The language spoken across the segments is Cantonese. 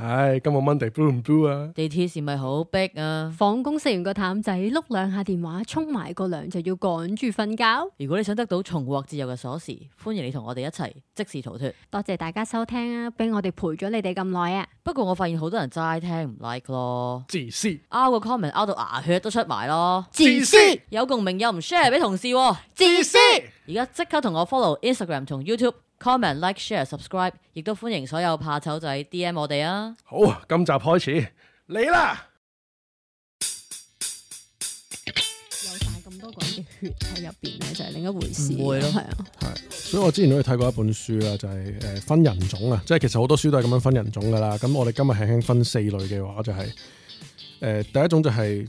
唉、哎，今日 Monday blue 唔 blue 啊？地鐵係咪好逼啊？放工食完個淡仔，碌兩下電話，沖埋個涼就要趕住瞓覺。如果你想得到重獲自由嘅鎖匙，歡迎你同我哋一齊即時逃脫。多謝大家收聽啊，俾我哋陪咗你哋咁耐啊！不過我發現好多人齋聽唔 like 咯，自私。拗個 comment 拗到牙血都出埋咯，自私。有共鳴又唔 share 俾 同事，自私。而家即刻同我 follow Instagram 同 YouTube。Comment like, share,、Like、Share、Subscribe，亦都歡迎所有怕醜仔 DM 我哋啊！好，今集開始嚟啦！有晒咁多鬼嘅血喺入邊咧，就係、是、另一回事。會咯，係是啊，係。所以我之前都去睇過一本書啦，就係、是、誒分人種啊，即係其實好多書都係咁樣分人種噶啦。咁我哋今日輕輕分四類嘅話，就係、是、誒、呃、第一種就係、是、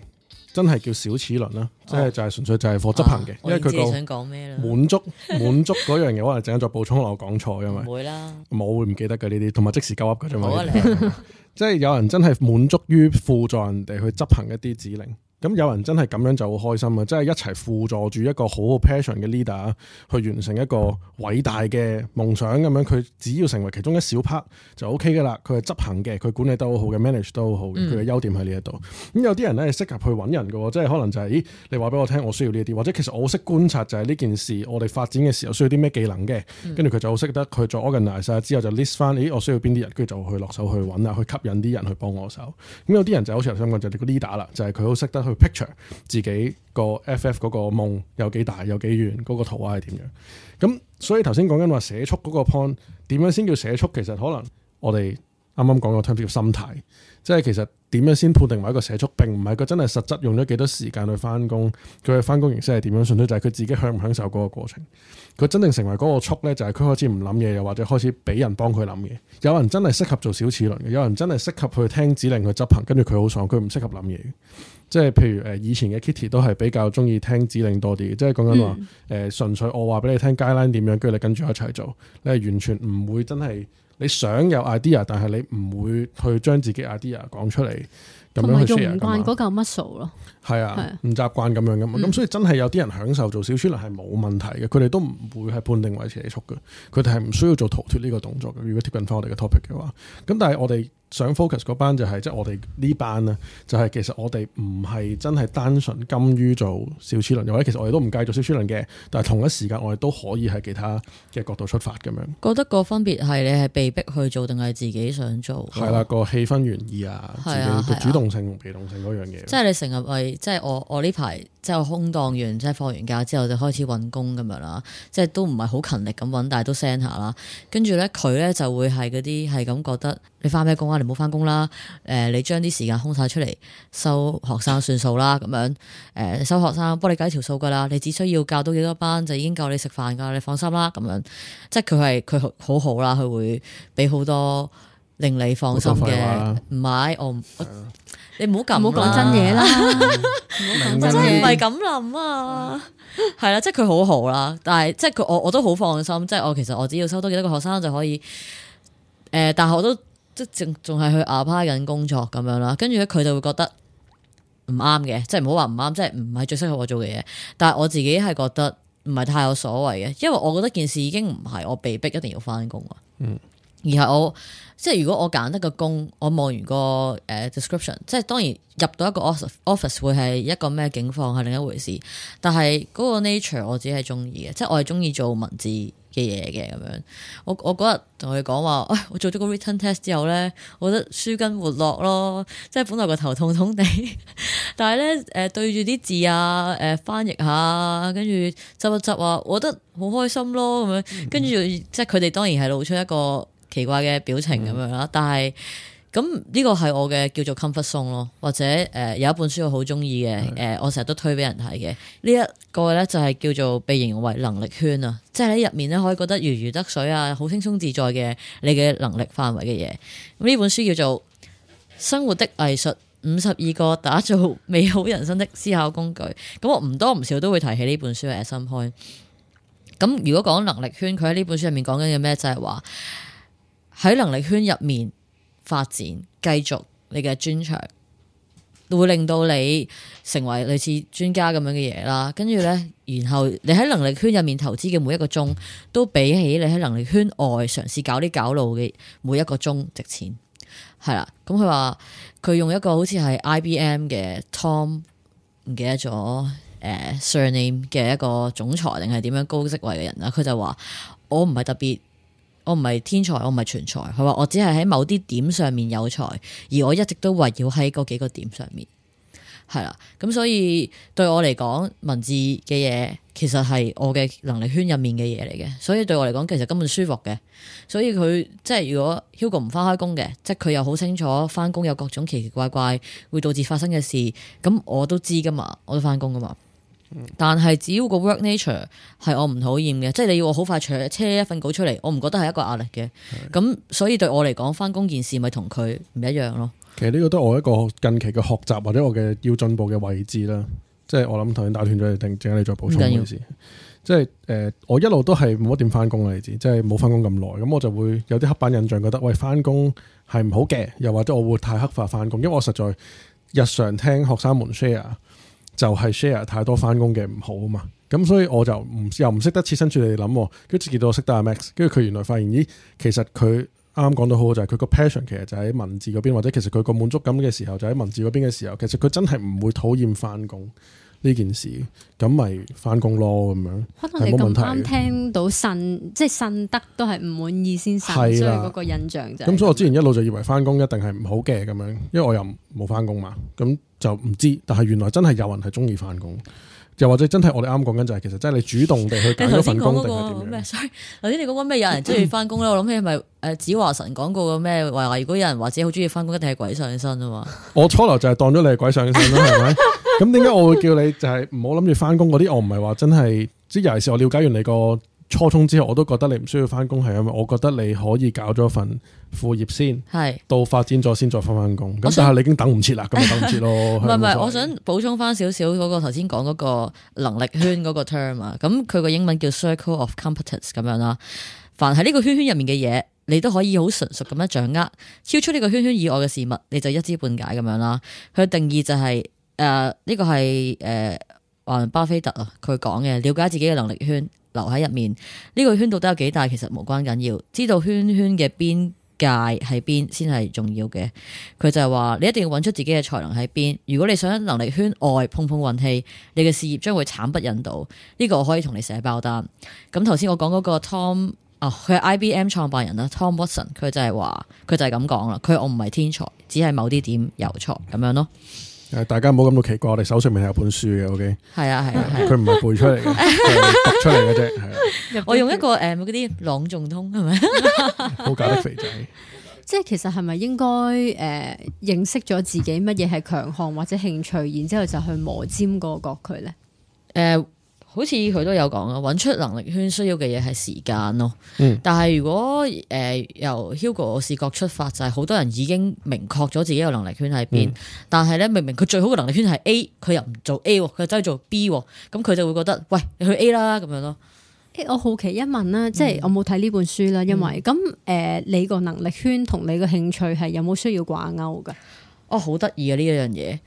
真係叫小齒輪啦。即係就係純粹就係課執行嘅，啊、因為佢嘅滿足滿、啊、足嗰 樣嘢，可能陣間再補充我講錯，因為唔會啦，冇會唔記得嘅呢啲，同埋即時鳩噏嘅啫嘛，即係有人真係滿足於輔助人哋去執行一啲指令。咁有人真係咁樣就好開心啊！即、就、係、是、一齊輔助住一個好好 passion 嘅 leader 去完成一個偉大嘅夢想咁樣，佢只要成為其中一小 part 就 OK 嘅啦。佢係執行嘅，佢管理得好好嘅，manage 得好好，佢嘅優點喺呢一度。咁、嗯、有啲人咧適合去揾人嘅，即係可能就係、是、咦，你話俾我聽，我需要呢啲，或者其實我識觀察，就係呢件事我哋發展嘅時候需要啲咩技能嘅，跟住佢就好識得佢再 organize 曬之後就 list 翻咦我需要邊啲人，跟住就去落手去揾啊，去吸引啲人去幫我手。咁有啲人就是、好似頭先講就個 leader 啦，就係佢好識得。去 picture 自己個 FF 嗰個夢有幾大有幾遠嗰個圖畫係點樣？咁所以頭先講緊話寫速嗰個 point 點樣先叫寫速？其實可能我哋。啱啱講個 topic 叫心態，即係其實點樣先判定為一個社畜並唔係佢真係實質用咗幾多時間去返工，佢嘅返工形式係點樣？純粹就係佢自己享唔享受嗰個過程。佢真正成為嗰個速咧，就係、是、佢開始唔諗嘢，又或者開始俾人幫佢諗嘢。有人真係適合做小齒輪嘅，有人真係適合去聽指令去執行。跟住佢好爽，佢唔適合諗嘢。即係譬如誒，以前嘅 Kitty 都係比較鍾意聽指令多啲。即係講緊話誒，純粹、嗯呃、我話俾你聽，guideline 點樣，跟住你跟住一齊做，你係完全唔會真係。你想有 idea，但係你唔會去將自己 idea 講出嚟，咁樣去 share 噶嘛？佢用唔慣嗰嚿 muscle 咯。係啊，唔、啊、習慣咁樣噶嘛，咁、嗯、所以真係有啲人享受做小齒輪係冇問題嘅，佢哋都唔會係判定為社蓄嘅，佢哋係唔需要做逃脫呢個動作嘅。如果貼近翻我哋嘅 topic 嘅話，咁但係我哋想 focus 嗰班就係即係我哋呢班啊，就係、是就是、其實我哋唔係真係單純甘於做小齒輪，或者其實我哋都唔介意做小齒輪嘅，但係同一時間我哋都可以喺其他嘅角度出發咁樣。覺得個分別係你係被逼去做定係自己想做？係啦、啊，個氣氛原意啊，啊自己嘅主動性同被動性嗰樣嘢。即係你成日為。即係我我呢排即係空檔完，即係放完假之後就開始揾工咁樣啦。即係都唔係好勤力咁揾，但係都 send 下啦。跟住咧佢咧就會係嗰啲係咁覺得你返咩工啊？你唔好返工啦。誒，你將啲、呃、時間空晒出嚟收學生算數啦。咁樣誒、呃、收學生幫你計條數㗎啦。你只需要教到幾多班就已經夠你食飯㗎。你放心啦。咁樣即係佢係佢好好啦。佢會俾好多。令你放心嘅，唔係、啊、我，我的你唔好唔好講真嘢啦，唔好講真嘢，唔係咁諗啊。係啦的，即係佢好好啦，但係即係佢我我都好放心，即係我其實我只要收到幾多個學生就可以。誒、呃，但係我都即係仲仲係去 apply 緊工作咁樣啦，跟住咧佢就會覺得唔啱嘅，即係唔好話唔啱，即係唔係最適合我做嘅嘢。但係我自己係覺得唔係太有所謂嘅，因為我覺得件事已經唔係我被逼一定要返工啊。嗯。而係我即係如果我揀得個工，我望完個誒 description，即係當然入到一個 office office 會係一個咩境況係另一回事。但係嗰個 nature 我自己係中意嘅，即係我係中意做文字嘅嘢嘅咁樣。我我嗰日同佢講話，我做咗個 written test 之後咧，我覺得舒筋活絡咯。即係本來個頭痛痛地，但係咧誒對住啲字啊，誒、呃、翻譯下，跟住執一執啊，我覺得好開心咯咁樣。跟住即係佢哋當然係露出一個。奇怪嘅表情咁樣啦，嗯、但係咁呢個係我嘅叫做 comfort zone 咯，或者誒、呃、有一本書我好中意嘅，誒、呃、是的 我成日都推俾人睇嘅、這個、呢一個咧就係、是、叫做被形容為能力圈啊，即係喺入面咧可以覺得如魚得水啊，好輕鬆自在嘅你嘅能力範圍嘅嘢。咁、嗯、呢本書叫做《生活的藝術》，五十二個打造美好人生的思考工具。咁、嗯、我唔多唔少都會提起呢本書嘅心開。咁、嗯、如果講能力圈，佢喺呢本書入面講緊嘅咩，就係、是、話。喺能力圈入面發展，繼續你嘅專長，會令到你成為類似專家咁樣嘅嘢啦。跟住呢，然後你喺能力圈入面投資嘅每一個鐘，都比起你喺能力圈外嘗試搞啲搞路嘅每一個鐘值錢。係啦，咁佢話佢用一個好似係 IBM 嘅 Tom，唔記得咗誒 surname 嘅一個總裁，定係點樣高職位嘅人啦。佢就話我唔係特別。我唔係天才，我唔係全才，佢話我只係喺某啲點上面有才，而我一直都圍繞喺嗰幾個點上面，係啦。咁所以對我嚟講，文字嘅嘢其實係我嘅能力圈入面嘅嘢嚟嘅，所以對我嚟講，其實根本舒服嘅。所以佢即係如果 Hugo 唔翻開工嘅，即係佢又好清楚返工有各種奇奇怪怪會導致發生嘅事，咁我都知㗎嘛，我都返工㗎嘛。但係只要個 work nature 係我唔討厭嘅，即係你要我好快扯一份稿出嚟，我唔覺得係一個壓力嘅。咁是的 所以對我嚟講，翻工件事咪同佢唔一樣咯。其實呢個都係我一個近期嘅學習或者我嘅要進步嘅位置啦。即係我諗頭先打斷咗你定正，你再補充件事。即係誒、呃，我一路都係冇乜點翻工啊，你知，即係冇翻工咁耐。咁我就會有啲黑板印象，覺得喂翻工係唔好嘅，又或者我會太黑化翻工，因為我實在日常聽學生們 share。就係 share 太多返工嘅唔好啊嘛，咁所以我就唔又唔識得切身處地諗、啊，跟住直到我識得阿 Max，跟住佢原來發現咦，其實佢啱啱講得好好，就係佢個 passion 其實就喺文字嗰邊，或者其實佢個滿足感嘅時候就喺、是、文字嗰邊嘅時候，其實佢真係唔會討厭返工。呢件事，咁咪返工咯咁樣。可能你咁啱聽到信，即係信得都係唔滿意先，產生嗰個印象啫。咁所以，我之前一路就以為返工一定係唔好嘅咁樣，因為我又冇返工嘛。咁就唔知，但係原來真係有人係鍾意返工。又或者真係我哋啱講緊就係其實真係你主動地去揀一份工定係點樣？Sorry, 頭先你講緊咩？嗯、Sorry, 有人鍾意返工咧， 我諗起咪誒子華神講過嘅咩？話如果有人或者好鍾意返工，一定係鬼上身啊嘛！ 我初頭就係當咗你係鬼上身啦，係咪？ 咁點解我會叫你就係唔好諗住翻工嗰啲？我唔係話真係，即係尤其是我了解完你個初衷之後，我都覺得你唔需要翻工，係因為我覺得你可以搞咗份副業先，係到發展咗先再翻翻工。咁是但係你已經等唔切啦，咁咪等唔切咯。唔係唔係，我想補 充翻少少嗰個頭先講嗰個能力圈嗰個 term 啊。咁佢個英文叫 circle of competence 咁樣啦。凡係呢個圈圈入面嘅嘢，你都可以好純熟咁樣掌握。超出呢個圈圈以外嘅事物，你就一知半解咁樣啦。佢定義就係、是。誒，呢、呃這個係誒，話、呃、巴菲特啊，佢講嘅，了解自己嘅能力圈，留喺入面。呢、這個圈到底有幾大，其實無關緊要。知道圈圈嘅邊界喺邊先係重要嘅。佢就係話，你一定要揾出自己嘅才能喺邊。如果你想喺能力圈外碰碰運氣，你嘅事業將會慘不忍睹。呢、這個我可以同你寫包單。咁頭先我講嗰個 Tom 啊、哦，佢係 IBM 創辦人啦，Tom Watson，佢就係話，佢就係咁講啦。佢我唔係天才，只係某啲點有才咁樣咯。誒，大家唔好咁到奇怪，我哋手上面係有本書嘅，OK？係啊，係啊，係、啊，佢唔係背出嚟嘅， 讀出嚟嘅啫。啊、我用一個誒嗰啲朗誦通，係咪？好搞的肥仔。即係其實係咪應該誒、呃、認識咗自己乜嘢係強項或者興趣，然之後就去磨尖嗰個角佢咧？誒、呃。好似佢都有講咯，搵出能力圈需要嘅嘢係時間咯。嗯、但係如果誒、呃、由 Hugo 嘅視角出發，就係、是、好多人已經明確咗自己嘅能力圈喺邊，嗯、但係咧明明佢最好嘅能力圈係 A，佢又唔做 A，佢真係做 B，咁佢就會覺得喂，你去 A 啦咁樣咯。誒、欸，我好奇一問啦，即係、嗯、我冇睇呢本書啦，因為咁誒、嗯呃，你個能力圈同你個興趣係有冇需要掛鈎噶？哦，好得意嘅呢一樣嘢。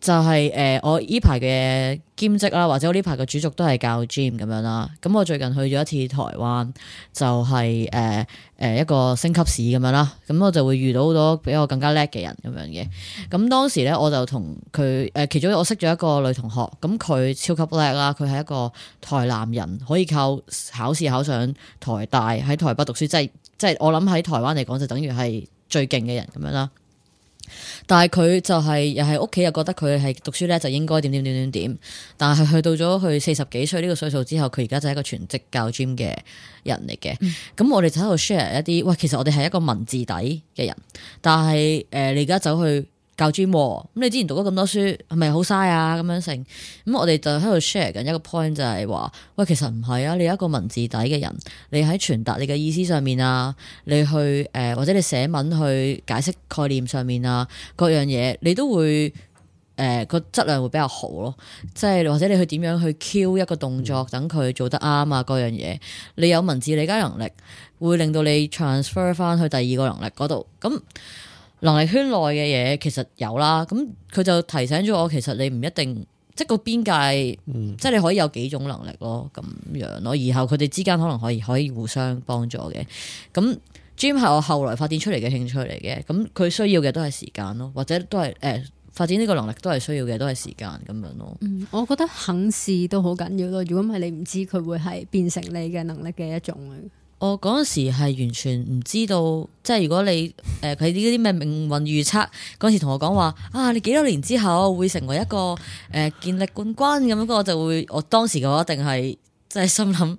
就係、是、誒、呃，我呢排嘅兼職啦，或者我呢排嘅主軸都係教 gym 咁樣啦。咁我最近去咗一次台灣，就係誒誒一個升級市咁樣啦。咁我就會遇到好多比我更加叻嘅人咁樣嘅。咁當時咧，我就同佢誒，其中我識咗一個女同學。咁佢超級叻啦，佢係一個台南人，可以靠考試考上台大喺台北讀書，即係即係我諗喺台灣嚟講就等於係最勁嘅人咁樣啦。但係佢就係、是、又係屋企又覺得佢係讀書咧，就應該點點點點點，但係去到咗佢四十幾歲呢個歲數之後，佢而家就係一個全職教 gym 嘅人嚟嘅。咁、嗯、我哋就喺度 share 一啲，喂，其實我哋係一個文字底嘅人，但係誒，你而家走去。教專咁，你之前讀咗咁多書，係咪好嘥啊？咁樣剩咁，我哋就喺度 share 緊一個 point，就係話，喂，其實唔係啊！你有一個文字底嘅人，你喺傳達你嘅意思上面啊，你去誒、呃、或者你寫文去解釋概念上面啊，各樣嘢你都會誒個質量會比較好咯。即係或者你去點樣去 cue 一個動作，等佢做得啱啊，各樣嘢你有文字理解能力，會令到你 transfer 翻去第二個能力嗰度咁。能力圈內嘅嘢其實有啦，咁佢就提醒咗我，其實你唔一定，即係個邊界，嗯、即係你可以有幾種能力咯，咁樣咯。然後佢哋之間可能可以可以互相幫助嘅。咁 Gym 係我後來發展出嚟嘅興趣嚟嘅，咁佢需要嘅都係時間咯，或者都係誒、欸、發展呢個能力都係需要嘅，都係時間咁樣咯、嗯。我覺得肯試都好緊要咯，如果唔係你唔知佢會係變成你嘅能力嘅一種。我嗰陣時係完全唔知道，即係如果你誒佢啲啲咩命運預測，嗰陣時同我講話啊，你幾多年之後會成為一個誒健力冠軍咁，咁、那個、我就會我當時我一定係即係心諗，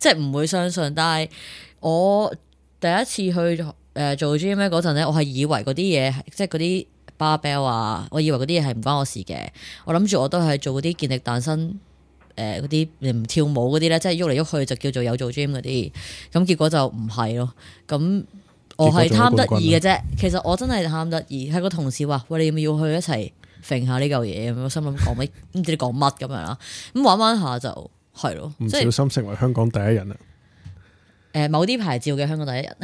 即係唔會相信。但係我第一次去誒做 gym 咧嗰陣咧，我係以為嗰啲嘢即係嗰啲 barbell 啊，我以為嗰啲嘢係唔關我事嘅，我諗住我都係做嗰啲健力誕生。誒，嗰啲唔跳舞嗰啲咧，即係喐嚟喐去就叫做有做 gym 嗰啲，咁結果就唔係咯。咁我係貪得意嘅啫，其實我真係貪得意。係個同事話：喂，你有冇要唔要去一齊揈下呢嚿嘢？咁我心諗講乜？唔 知你講乜咁樣啦。咁玩玩下就係咯。唔小心成為香港第一人啦！誒、呃，某啲牌照嘅香港第一人，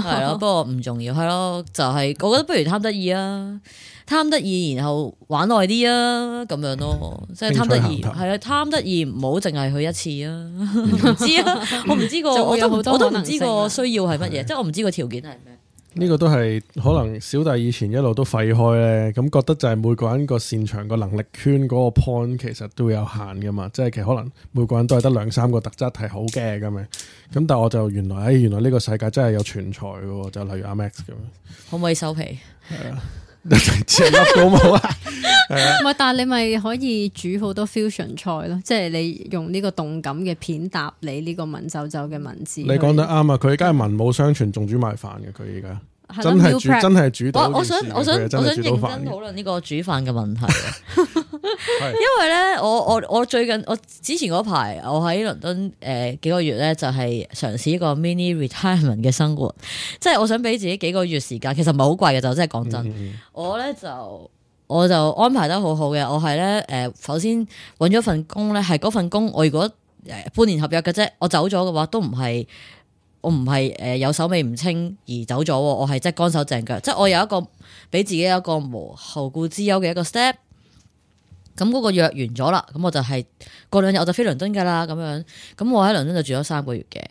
係 咯了， 不過唔重要，係咯，就係、是，我覺得不如貪得意啊，貪得意，然後玩耐啲啊，咁樣咯，即係貪得意，係啊，貪得意，唔好淨係去一次啊，唔 知啊，我唔知個，我都我都唔知個需要係乜嘢，即係我唔知個條件係咩。呢個都係可能小弟以前一路都廢開呢。咁覺得就係每個人個擅長個能力圈嗰個 point 其實都有限噶嘛，即係其實可能每個人都係得兩三個特質係好嘅咁樣，咁但係我就原來，誒、哎、原來呢個世界真係有全才嘅，就例如阿 Max 咁樣，可唔可以收皮？係啊。食物好冇啊，係啊，唔係但係你咪可以煮好多 fusion 菜咯，即係你用呢個動感嘅片搭你呢個文縐縐嘅文字。你講得啱啊，佢而家係文武雙全，仲煮埋飯嘅佢而家。真係煮，真係煮我我想，我想，我想，真我想認真討論呢個煮飯嘅問題。 是的 因為咧，我我我最近，我之前嗰排，我喺倫敦誒幾個月咧，就係嘗試一個 mini retirement 嘅生活。即、就、係、是、我想俾自己幾個月時間，其實唔係好貴嘅就，即係講真。我咧就，我就安排得好好嘅。我係咧誒，首先搵咗份工咧，係嗰份工我如果誒半年合約嘅啫，我走咗嘅話都唔係。我唔係誒有手尾唔清而走咗，我係即係乾手淨腳，即、就、係、是、我有一個俾自己一個無後顧之憂嘅一個 step。咁、那、嗰個約完咗啦，咁我就係、是、過兩日我就飛倫敦噶啦，咁樣。咁我喺倫敦就住咗三個月嘅。咁、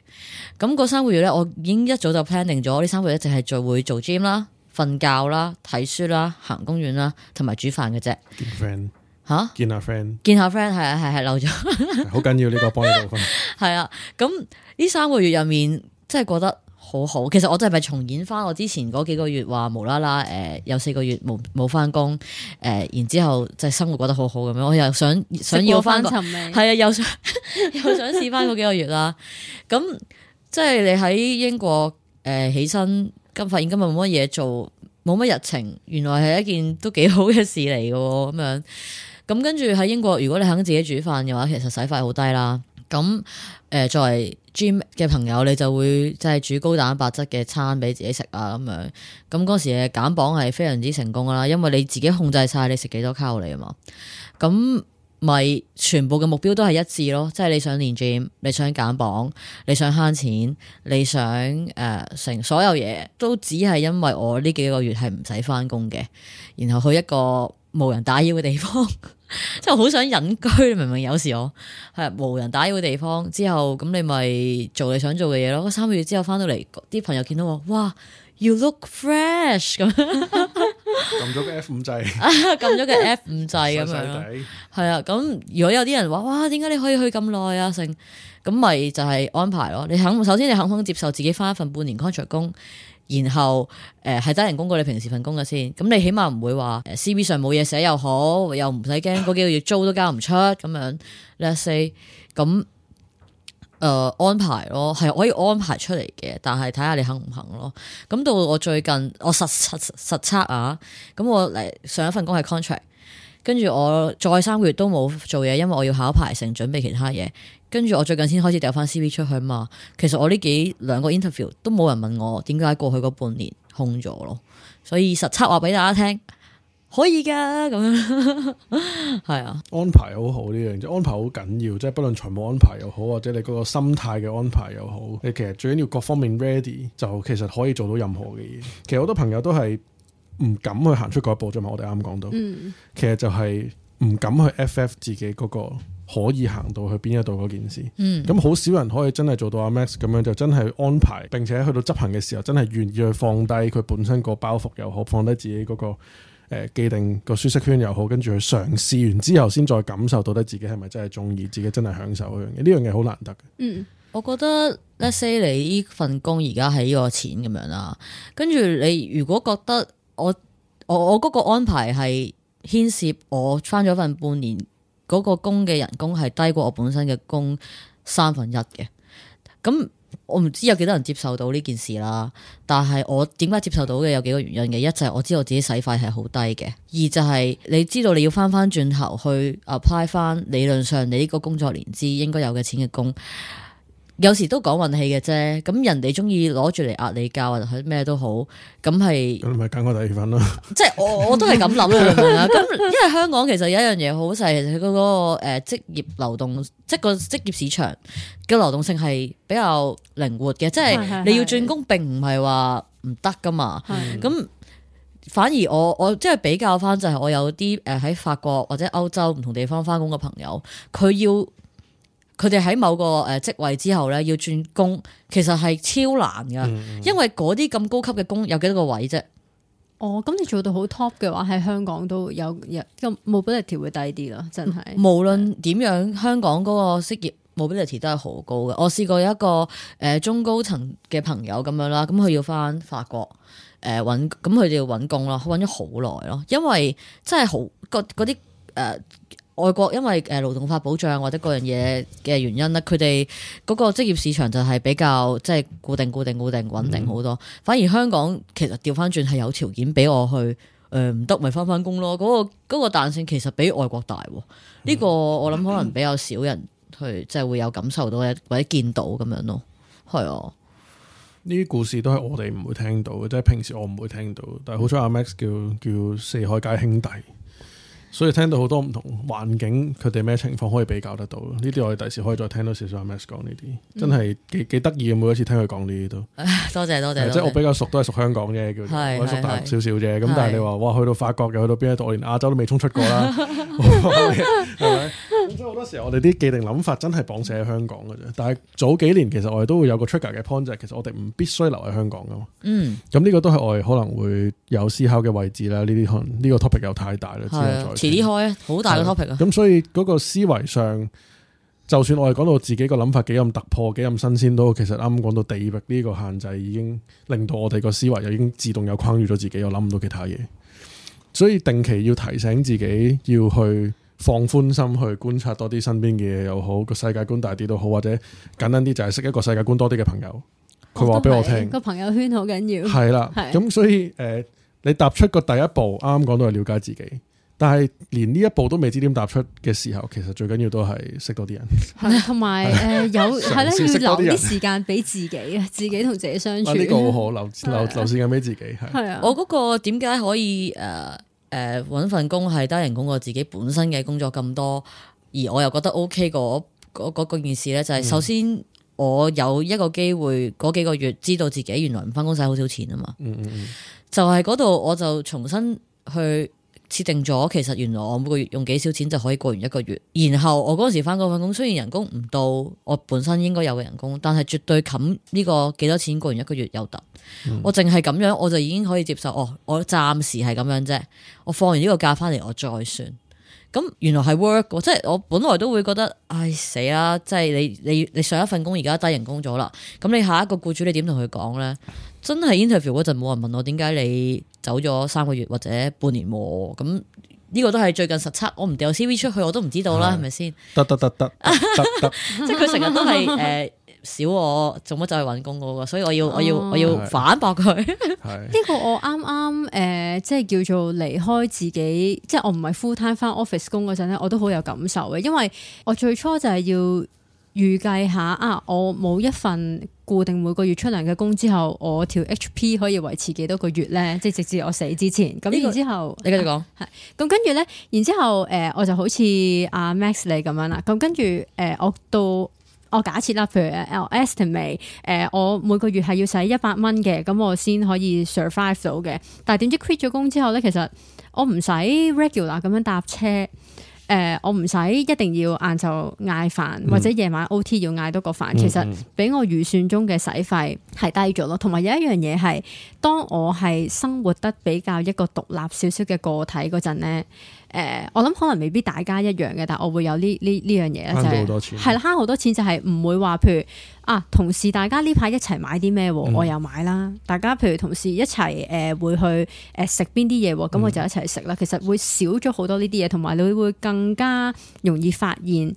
那、嗰、個、三個月咧，我已經一早就 plan 定咗，呢三個月淨係聚會做、做 gym 啦、瞓覺啦、睇書啦、行公園啦、同埋煮飯嘅啫。見 friend 吓，見下 friend，見下 friend 係啊係，係漏咗，好緊要呢個幫你留分，係啊。咁呢三個月入面。真係過得好好，其實我真係咪重演翻我之前嗰幾個月話無啦啦誒，有四個月冇冇翻工誒，然之後就係生活過得好好咁樣，我又想想要個翻個係啊，又想 又想試翻嗰幾個月啦。咁 即係你喺英國誒、呃、起身，今發現今日冇乜嘢做，冇乜日程，原來係一件都幾好嘅事嚟嘅咁樣。咁跟住喺英國，如果你肯自己煮飯嘅話，其實使費好低啦。咁誒、呃、作為。Gym 嘅朋友，你就會即係煮高蛋白質嘅餐俾自己食啊咁樣，咁嗰時減磅係非常之成功㗎啦，因為你自己控制晒你食幾多卡路里啊嘛，咁咪全部嘅目標都係一致咯，即係你想練 gym，你想減磅，你想慳錢，你想誒成、呃、所有嘢，都只係因為我呢幾個月係唔使返工嘅，然後去一個。無人打擾嘅地方，即係我好想隱居，你明明有時我係無人打擾嘅地方之後，咁你咪做你想做嘅嘢咯。三個月之後翻到嚟，啲朋友見到我，哇，You look fresh 咁，撳咗個 F 五掣，撳咗個 F 五掣咁樣，係啊。咁 如果有啲人話，哇，點解你可以去咁耐啊？成咁咪就係安排咯。你肯，首先你肯唔肯接受自己翻一份半年 contract 工？然後誒，係低人工過你平時份工嘅先，咁你起碼唔會話誒、呃、CV 上冇嘢寫又好，又唔使驚嗰幾個月租都交唔出咁樣。Let's say 咁誒、呃、安排咯，係可以安排出嚟嘅，但係睇下你肯唔肯咯。咁到我最近我實實實測啊，咁我嚟上一份工係 contract，跟住我再三個月都冇做嘢，因為我要考牌成準備其他嘢。跟住我最近先開始掉翻 CV 出去嘛，其實我呢幾兩個 interview 都冇人問我點解過去嗰半年空咗咯，所以實測話俾大家聽，可以噶咁樣，係 啊安，安排好好呢樣嘢，安排好緊要，即係不論財務安排又好，或者你嗰個心態嘅安排又好，你其實最緊要各方面 ready，就其實可以做到任何嘅嘢。其實好多朋友都係唔敢去行出嗰一步啫嘛，我哋啱啱講到，嗯、其實就係唔敢去 FF 自己嗰、嗰個。可以行到去邊一度嗰件事，咁好、嗯、少人可以真係做到阿 Max 咁樣，就真係安排，並且去到執行嘅時候，真係願意去放低佢本身個包袱又好，放低自己嗰、個誒、呃、既定個舒適圈又好，跟住去嘗試完之後，先再感受到底自己係咪真係中意，自己真係享受嗰樣嘢。呢樣嘢好難得嘅。嗯，我覺得，let's say 你呢份工而家係呢個錢咁樣啦，跟住你如果覺得我我我嗰個安排係牽涉我返咗份半年。嗰個工嘅人工係低過我本身嘅工三分一嘅，咁我唔知有幾多人接受到呢件事啦。但係我點解接受到嘅有幾個原因嘅，一就係我知道我自己使費係好低嘅，二就係你知道你要翻翻轉頭去 apply 翻理論上你呢個工作年資應該有嘅錢嘅工。有時都講運氣嘅啫，咁人哋中意攞住嚟壓你價，或者咩都好，咁係，咁咪揀第二份咯。即係我我都係咁諗啦，咁 因為香港其實有一樣嘢好細，佢嗰、嗰個誒職、呃、業流動，即係個職業市場嘅流動性係比較靈活嘅，即係的你要轉工並唔係話唔得噶嘛。咁的反而我我即係比較翻就係、是、我有啲誒喺法國或者歐洲唔同地方翻工嘅朋友，佢要。佢哋喺某個誒職位之後咧要轉工，其實係超難噶，嗯、因為嗰啲咁高級嘅工有幾多個位啫？哦，咁你做到好 top 嘅話，喺香港都有有 mobility 會低啲啦，真係。無論點樣，對 香港嗰個職業 mobility 都係好高嘅。我試過有一個誒、呃、中高層嘅朋友咁樣啦，咁佢要翻法國誒揾，咁佢哋要揾工咯，揾咗好耐咯，因為真係好嗰啲誒。外國因為誒勞動法保障，或者各樣嘢嘅原因咧，佢哋嗰個職業市場就係比較即係固定、固定、固定、穩定好多。嗯、反而香港其實調翻轉係有條件俾我去誒，唔得咪返返工咯。嗰、那個嗰、那個彈性其實比外國大。呢、嗯、個我諗可能比較少人去即係、就是、會有感受到咧，或者見到咁樣咯。係啊，呢啲故事都係我哋唔會聽到嘅，即、就、係、是、平時我唔會聽到。但係好彩阿 Max 叫叫四海皆兄弟。所以聽到好多唔同環境，佢哋咩情況可以比較得到？呢啲我哋第時可以再聽到少少阿 Max 講。呢啲、嗯，真係幾幾得意嘅。每一次聽佢講呢啲都多謝多謝。即係我比較熟都係熟香港啫，叫是熟大少少啫。咁是但係你話哇，去到法國又去到邊一度？我連亞洲都未衝出過啦。係咪？ 咁所以好多時候我哋啲既定諗法真係綁死喺香港嘅啫。但係早幾年其實我哋都會有個 trigger 嘅 point，就係其實我哋唔必須留喺香港噶嘛。嗯。咁呢個都係我哋可能會有思考嘅位置啦。呢啲可能呢個 topic 又太大啦，之後再。遲啲開，好大嘅 topic 啊！咁、嗯、所以嗰個思維上，就算我哋講到自己個諗法幾咁突破，幾咁新鮮都，其實啱啱講到地域呢個限制，已經令到我哋個思維又已經自動又框住咗自己，又諗唔到其他嘢。所以定期要提醒自己，要去放寬心，去觀察多啲身邊嘅嘢又好，個世界觀大啲都好，或者簡單啲就係識一個世界觀多啲嘅朋友。佢話俾我聽，我個朋友圈好緊要。係啦了，咁是所以誒、呃，你踏出個第一步，啱啱講到係了解自己。但係連呢一步都未知點踏出嘅時候，其實最緊要都係識多啲人，同埋誒有係咧，要、呃、留啲時間俾自己，自己同自己相處。呢、啊，這個可留留、啊，留時間俾自己係。啊，我嗰個點解可以誒誒揾份工係低人工過自己本身嘅工作咁多，而我又覺得 OK 嗰嗰件事咧，就係首先我有一個機會嗰幾個月知道自己原來唔返工使好少錢啊嘛，嗯、就係嗰度我就重新去，設定咗，其實原來我每個月用幾少錢就可以過完一個月。然後我嗰時翻嗰份工，雖然人工唔到我本身應該有嘅人工，但係絕對冚呢個幾多錢過完一個月又得。嗯，我淨係咁樣，我就已經可以接受。哦，我暫時係咁樣啫。我放完呢個假翻嚟，我再算。咁原來係 work 喎，即係我本來都會覺得唉死啦，即係你你你上一份工而家低人工咗啦。咁你下一個僱主你點同佢講呢？真係 interview 嗰陣冇人問我點解你走咗三個月或者半年，咁呢個都係最近實測。我唔掉 CV 出去，我都唔知道啦，係咪先？得得得得得，即係佢成日都係誒少我做乜走去揾工嗰個，所以我要我要我要反駁佢。呢個我啱啱誒，即係叫做離開自己，即係我唔係 full time 返 office 工嗰陣咧，我都好有感受嘅，因為我最初就係要預計下啊，我冇一份。固定每個月出糧嘅工之後，我條 HP 可以維持幾多個月咧？即係直至我死之前。咁、這個、然之後，你繼續講。係咁跟住咧，然之後誒、呃，我就好似阿 Max 你咁樣啦。咁跟住誒，我到我、哦、假設啦，譬如誒，estimate、呃、我每個月係要使一百蚊嘅，咁我先可以 survive 到嘅。但係點知 quit 咗工之後咧，其實我唔使 regular 咁樣搭車。誒、呃，我唔使一定要晏晝嗌飯，或者夜晚 OT 要嗌多個飯。嗯、其實俾我預算中嘅使費係低咗咯。同埋有一樣嘢係，當我係生活得比較一個獨立少少嘅個體嗰陣咧。誒、呃，我諗可能未必大家一樣嘅，但我會有呢呢呢樣嘢，啦。就係、慳、好多錢。係啦，慳好多錢就係、是、唔會話，譬如啊，同事大家呢排一齊買啲咩喎，我又買啦。嗯、大家譬如同事一齊誒、呃、會去誒、呃、食邊啲嘢喎，咁我就一齊食啦。嗯、其實會少咗好多呢啲嘢，同埋你會更加容易發現。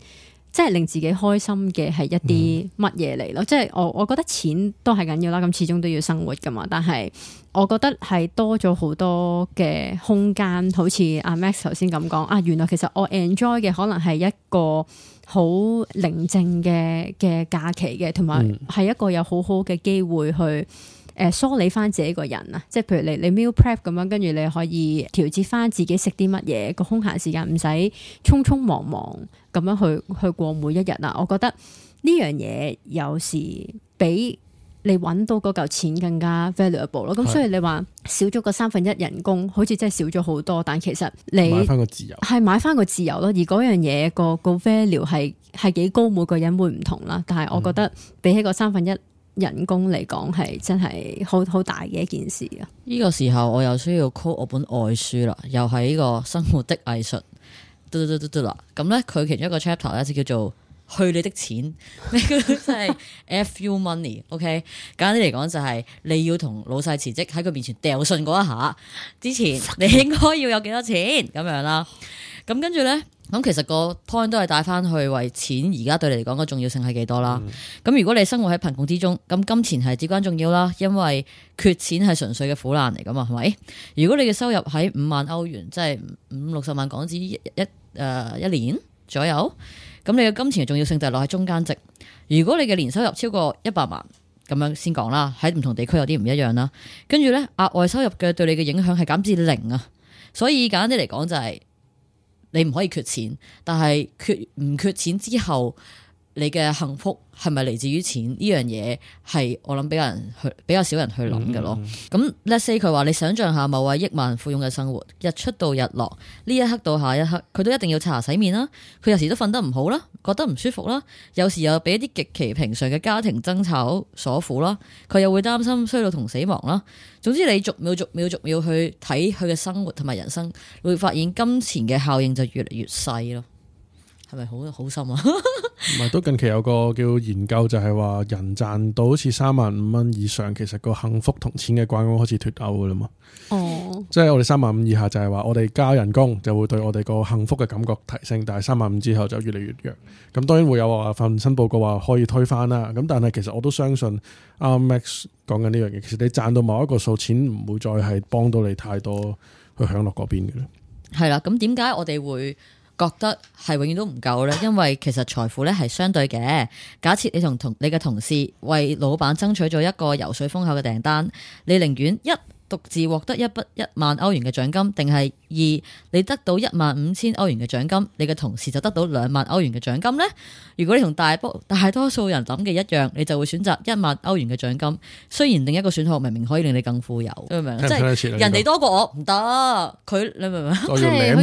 即係令自己開心嘅係一啲乜嘢嚟咯？嗯、即係我我覺得錢都係緊要啦，咁始終都要生活噶嘛。但係我覺得係多咗好多嘅空間，好似阿、啊、Max 頭先咁講啊，原來其實我 enjoy 嘅可能係一個好寧靜嘅嘅假期嘅，同埋係一個有好好嘅機會去。嗯去誒梳理翻自己個人啊，即係譬如你你 meal prep 咁樣，跟住你可以調節翻自己食啲乜嘢，個空閒時間唔使匆匆忙忙咁樣去去過每一日啊！我覺得呢樣嘢有時比你揾到嗰嚿錢更加 valuable 咯的。咁所以你話少咗個三分一人工，好似真係少咗好多，但其實你係買翻個自由咯，而嗰樣嘢個個 value 係係幾高，每個人會唔同啦。但係我覺得比起個三分一。人工嚟講係真係好好大嘅一件事啊！呢個時候我又需要 call 我本外書啦，又係呢個生活的藝術，嘟嘟嘟嘟啦。咁咧佢其中一個 chapter 咧就叫做去你的錢，咩嘅真係 F you money，OK？簡單啲嚟講就係你要同老細辭職喺佢面前掉信嗰一下之前，你應該要有幾多錢咁樣啦。咁跟住呢，咁其實個 point 都係帶翻去為錢而家對你嚟講個重要性係幾多啦？咁、嗯、如果你生活喺貧窮之中，咁金錢係至關重要啦，因為缺錢係純粹嘅苦難嚟噶嘛，係咪？如果你嘅收入喺五萬歐元，即係五六十萬港紙一誒一、呃、一年左右，咁你嘅金錢嘅重要性就落喺中間值。如果你嘅年收入超過一百萬，咁樣先講啦，喺唔同地區有啲唔一樣啦。跟住呢，額外收入嘅對你嘅影響係減至零啊！所以簡單啲嚟講就係、係。你唔可以缺錢，但係唔缺錢之後？你嘅幸福係咪嚟自於錢？呢樣嘢係我諗比較人去比較少人去諗嘅咯。咁 Let’s say 佢話你想象下某位億萬富翁嘅生活，日出到日落，呢一刻到下一刻，佢都一定要擦牙洗面啦。佢有時都瞓得唔好啦，覺得唔舒服啦。有時又俾一啲極其平常嘅家庭爭吵所苦啦。佢又會擔心衰老同死亡啦。總之你逐秒逐秒逐秒去睇佢嘅生活同埋人生，會發現金錢嘅效應就越嚟越細咯。係咪好好心啊？唔 係，都近期有個叫研究就，就係話人賺到好似三萬五蚊以上，其實個幸福同錢嘅掛鈎開始脱鈎噶啦嘛。哦，即係我哋三萬五以下就係話我哋加人工就會對我哋個幸福嘅感覺提升，但係三萬五之後就越嚟越弱。咁當然會有話份新報告話可以推翻啦。咁但係其實我都相信阿、啊、Max 講緊呢樣嘢。其實你賺到某一個數，錢唔會再係幫到你太多去享樂嗰邊嘅啦。係啦，咁點解我哋會？覺得係永遠都唔夠咧，因為其實財富咧係相對嘅。假設你同同你嘅同事為老闆爭取咗一個油水豐厚嘅訂單，你寧願一，獨自獲得一筆一萬歐元嘅獎金，定係二你得到一萬五千歐元嘅獎金，你嘅同事就得到兩萬歐元嘅獎金呢？如果你同大大多數人諗嘅一樣，你就會選擇一萬歐元嘅獎金。雖然另一個選項明明可以令你更富有，明唔明？即係人哋多過我唔得，佢你明唔明？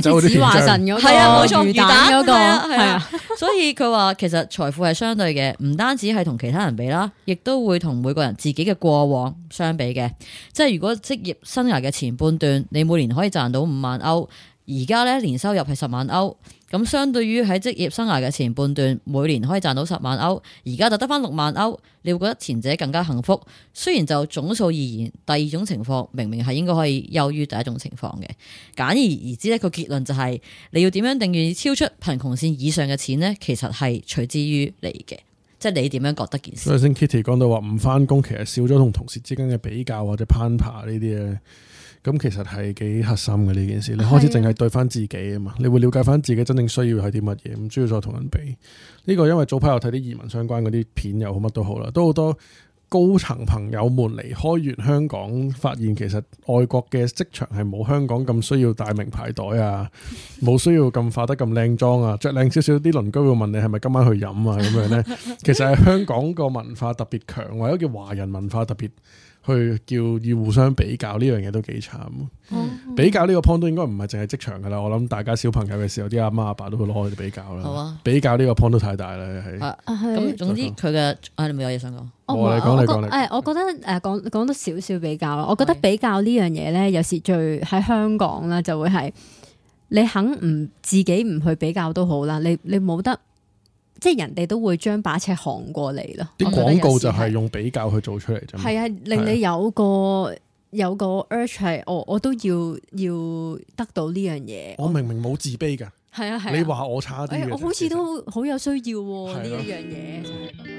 即係好似史華神咁，那個，係啊，冇錯，那個，魚蛋嗰個係啊。所以佢話其實財富係相對嘅，唔單止係同其他人比啦，亦都會同每個人自己嘅過往相比嘅。即係如果即業生涯嘅前半段，你每年可以賺到五萬歐，而家咧年收入係十萬歐，咁相對於喺職業生涯嘅前半段，每年可以賺到十萬歐，而家就得返六萬歐，你會覺得前者更加幸福。雖然就總數而言，第二種情況明明係應該可以優於第一種情況嘅，簡而言之呢個結論就係，你要點樣定義超出貧窮線以上嘅錢呢？其實係隨之於你嘅。即係你點樣覺得件事？所以先 Kitty 講到話唔返工，其實少咗同同事之間嘅比較或者攀爬呢啲嘢，咁其實係幾核心嘅呢件事。的你開始淨係對返自己啊嘛，你會了解返自己真正需要係啲乜嘢，唔需要再同人比。呢、這個因為早排有睇啲移民相關嗰啲片又好、好，乜都好啦，都好多。高層朋友們離開完香港，發現其實外國嘅職場係冇香港咁需要大名牌袋啊，冇 需要咁化得咁靚妝啊，着靚少少啲鄰居會問你係咪今晚去飲啊咁樣呢？ 其實係香港個文化特別強，或者叫華人文化特別。去叫要互相比較呢樣嘢都幾慘，嗯、比較呢個 point 都應該唔係淨係職場噶啦。我諗大家小朋友嘅時候，啲阿媽阿爸，爸都會攞去比較啦。好啊，比較呢個 point 都太大啦，係、啊。咁說總之佢嘅，我哋冇嘢想講。我嚟講嚟講，誒，我覺得誒講講多少少比較啦。的我覺得比較呢樣嘢咧，有時最喺香港咧，就會係你肯唔自己唔去比較都好啦。你你冇得。即係人哋都會將把,把尺行過嚟咯，啲廣告就係用比較去做出嚟啫。係啊，啊令你有個有個 urge 係，我、哦、我都要要得到呢樣嘢。我明明冇自卑㗎，係啊係，啊你話我差啲、欸，我好似都好有需要呢、啊、一、啊、樣嘢。